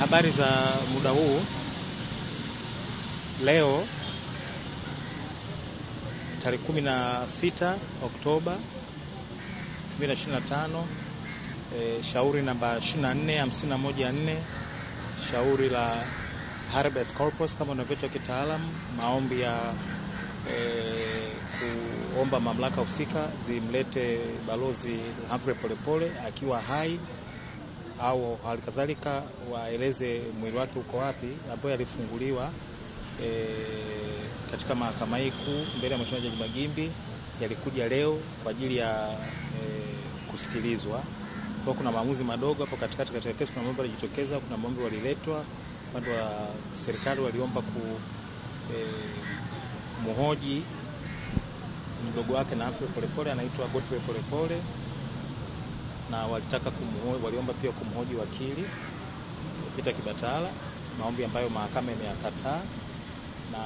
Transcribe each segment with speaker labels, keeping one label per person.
Speaker 1: Habari za muda huu. Leo tarehe 16 Oktoba 2025, e, shauri namba 24514 shauri la habeas corpus kama unavyoitwa kitaalamu, maombi ya e, kuomba mamlaka husika zimlete balozi Humphrey Polepole akiwa hai au halikadhalika waeleze mwili wake uko wapi, ambayo yalifunguliwa e, katika mahakama hii kuu mbele ya Mheshimiwa Jaji Magimbi yalikuja leo kwa ajili ya e, kusikilizwa. Kwa kuna maamuzi madogo hapo katikati katika kesi, kuna mambo yalijitokeza, kuna mambo waliletwa upande wa serikali, waliomba ku e, muhoji mdogo wake na afya Polepole, anaitwa Godfrey Polepole na walitaka kumuhoji, waliomba pia kumhoji wakili Peter Kibatala, maombi ambayo mahakama imeyakataa na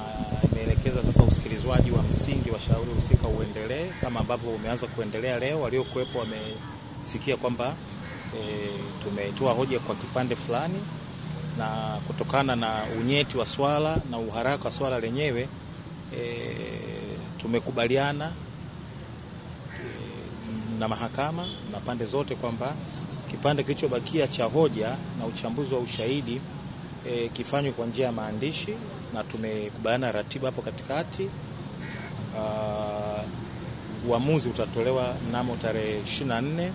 Speaker 1: imeelekeza sasa usikilizwaji wa msingi wa shauri husika uendelee kama ambavyo umeanza kuendelea leo. Waliokuwepo wamesikia kwamba e, tumetoa hoja kwa kipande fulani, na kutokana na unyeti wa swala na uharaka wa swala lenyewe e, tumekubaliana na mahakama na pande zote kwamba kipande kilichobakia cha hoja na uchambuzi wa ushahidi e, kifanywe kwa njia ya maandishi, na tumekubaliana ratiba hapo katikati. Uamuzi utatolewa mnamo tarehe 24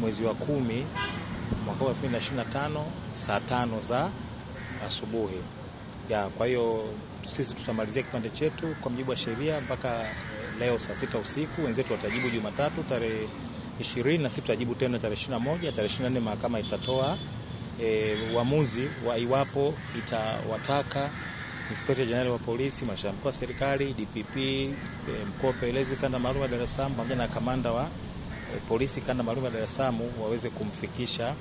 Speaker 1: mwezi wa kumi mwaka wa 2025 saa tano za asubuhi ya. Kwa hiyo sisi tutamalizia kipande chetu kwa mujibu wa sheria mpaka leo saa sita usiku, wenzetu watajibu Jumatatu tarehe ishirini na sisi tutajibu tena tarehe 21. Tarehe 24 mahakama itatoa e, uamuzi wa iwapo itawataka Inspekta Jenerali wa Polisi, Mashauri Mkuu wa Serikali, DPP, e, mkuu wa upelelezi kanda maalum ya Dar es Salaam pamoja na kamanda wa e, polisi kanda maalum ya Dar es Salaam waweze kumfikisha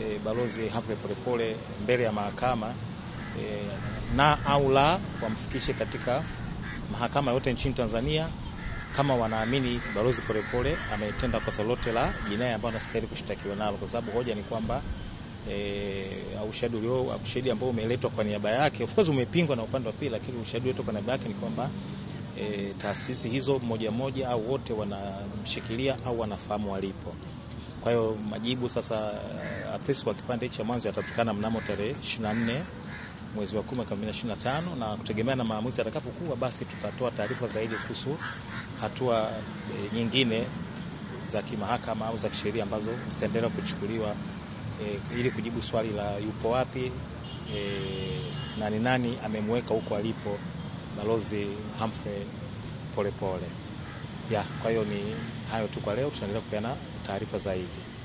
Speaker 1: e, Balozi Humphrey Polepole mbele ya mahakama e, na au la wamfikishe katika mahakama yote nchini Tanzania kama wanaamini balozi Polepole ametenda kosa lote la jinai ambayo anastahili kushtakiwa nalo, kwa sababu hoja ni kwamba E, ushahidi ambao umeletwa kwa niaba yake of course umepingwa na upande wa pili, lakini ushahidi wetu kwa niaba yake ni kwamba e, taasisi hizo moja moja au wote wanamshikilia au wanafahamu walipo. Kwa hiyo majibu sasa at least kwa kipande cha mwanzo yatatokana mnamo tarehe 24 mwezi wa 10 2025, na kutegemea na maamuzi atakapokuwa, basi tutatoa taarifa zaidi kuhusu hatua e, nyingine za kimahakama au za kisheria ambazo zitaendelea kuchukuliwa e, ili kujibu swali la yupo wapi e, na ni nani amemweka huko alipo Balozi Humphrey Polepole. Ya, kwa hiyo ni hayo tu kwa leo, tutaendelea kupeana taarifa zaidi.